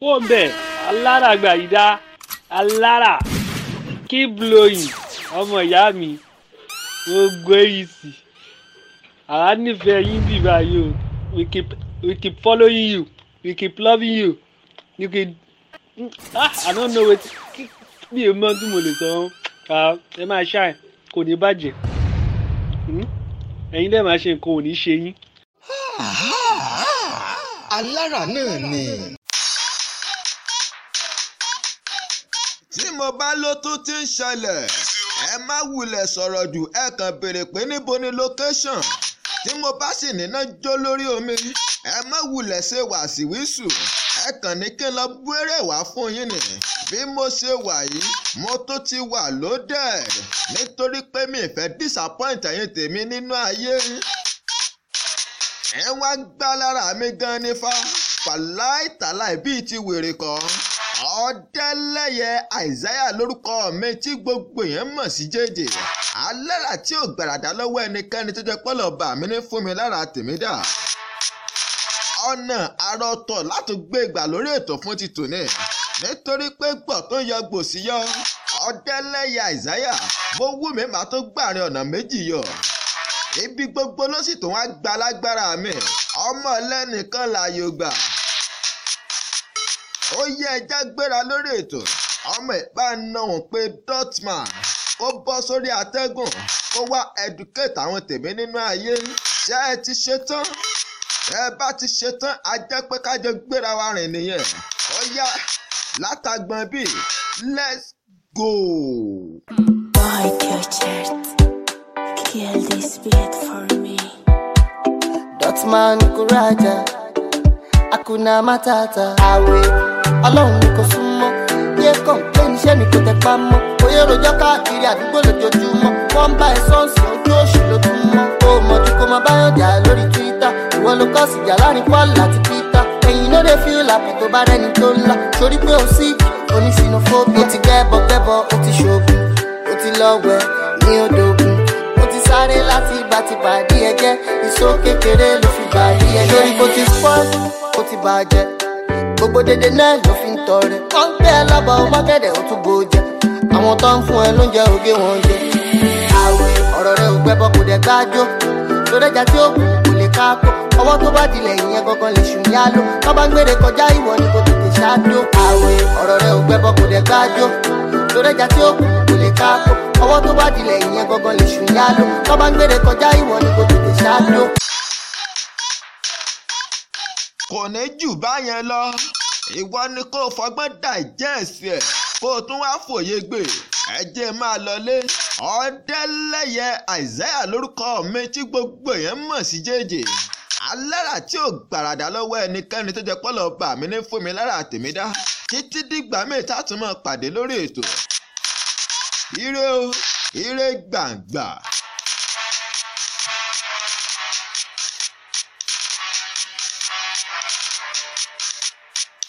kó bẹ̀ alára gbàyídá alára keep blowing ọmọ ìyá mi gbogbo èyí àwa nífẹ̀ẹ́ yín bí báyìí o we keep we keep following you we keep loving you you can. ah i don't know wetin mi ò mọ tí mo lè sọ ọ́ ẹ máa ṣáà kò ní bàjẹ́ hmm? ẹ̀yin dẹ̀ máa ṣe nǹkan ò ní ṣe yín. Ah, ah, ah. alára náà ni. tí mo bá ló tún ti ń ṣẹlẹ̀ ẹ má wulẹ̀ sọ̀rọ̀ jù ẹ kàn béèrè pé níbo ni location tí mo bá sì níná jó lórí omi ẹ má wulẹ̀ ṣe wàsíwísù ẹ kàn ní kí n lọ búrẹ́ wá fún yín ni bí mo ṣe wà yìí mo tó ti wà loaded nítorí pé mi fẹ́ disappoint ẹ̀yin tèmi nínú ayé ẹ wá gbá lára mi gan nífa fàláìtàláì bíi ti wèrè kan ọ̀dẹ́lẹ́yẹ àìsáyà lórúkọ mi tí gbogbo yẹn mọ̀ sí jẹ́jẹ́ alára tí ò gbàràdà lọ́wọ́ ẹnikẹ́ni tó jẹ́ pọ́lọ̀ bá mi ní fún mi lára tèmi dà ọ̀nà àròtọ̀ láti gbé ìgbà lórí ètò fún ti tòní nítorí pé gbọ̀ tó yọ gbòsí yọ ọ̀dẹ́lẹ́yẹ àìsáyà bó wù mí màá tó gbàrin ọ̀nà méjì yọ ibi gbogbo ló sì tún wá gbalágbára mi ọmọ lẹ́nìkan láàyò gbà ó yẹ ẹja gbéra lórí ètò ọmọ ìbá náà pé dotman ó bọ́ sórí atẹ́gùn kó wá educate àwọn tèmi nínú ayé ṣé ẹ ti ṣetán ẹ bá ti ṣetán a jẹ́ pé kájọ gbéra wa rìn nìyẹn ó yá látàgbọ̀n bíi let's go. Boy, Kuchert, kill this beat for me. Dotman Kuraja, Akuna Matata, I will ọlọ́run ni kò súnmọ́ ní ẹ̀kọ́ pé níṣẹ́ ni kò tẹ pa mọ́ òye rojọ́ káàkiri àdúgbò lójoojúmọ́ wọ́n ń bá ẹ sọ́ọ̀sì ojú òṣù ló tún mọ́ o mọ̀ ju kó máa báyọ̀ jà lórí Twitter ìwọ ló kọ́ sìjà láàrin Paul àti Peter ẹ̀yin ló dé fi làpẹ̀ tó bá rẹni tó ńlá torí pé o sí onísìnófóbì o ti gẹ́bọ gẹ́bọ o ti ṣoògùn o ti lọ wẹ̀ ní odògùn o ti sáré láti ibà ti bàdí ẹ̀jẹ̀ ìṣó kékeré ló fi bàdí ẹ̀jẹ̀ lórí bó ti spoil o ti bàjẹ́ gbogbo dédé náà ló fi ń tọrẹ wọ́n ń bẹ́ ẹ lábàá ọmọ kẹ́dẹ̀ ó tún gbòójẹ àwọn tó ń fún ẹ lóúnjẹ ògé wọn jẹ àwẹ̀ ọ̀rọ̀ rẹ ò gbẹ́bọ kò dẹ̀ gbájọ́ lórẹ́jà tí ó kù kò lè ká kó ọwọ́ tó bá dilẹ̀ ìyẹn gangan lè ṣùn yá ló tó bá ń gbére kọjá ìwọ ni kò tètè ṣáájú àwẹ̀ ọ̀rọ̀ rẹ ò gbẹ́bọ kò dẹ̀ gbájọ́ lórẹ́jà tí ó kù kò lè ká kó ọwọ́ tó bá dilẹ̀ ìyẹn kò ní jù báyẹn lọ ìwọ ni kó fọgbọ́n dà jẹ́ ẹ̀sìn ẹ̀ kó o tún wá fòye gbè ẹjẹ máa lọlé ọ̀ọ́dẹ́lẹ́yẹ àìsẹ́yà lórúkọ mi tí gbogbo èèyàn mọ̀ sí jẹ́jẹ́ alára tí ò gbàràdà lọ́wọ́ ẹnikẹ́ni tó jẹ pọ́lọ̀ bà mí ní fún mi lára tèmi dá títí dìgbà míì tátùmọ̀ pàdé lórí ètò ire o ire gbàǹgbà. Thank you.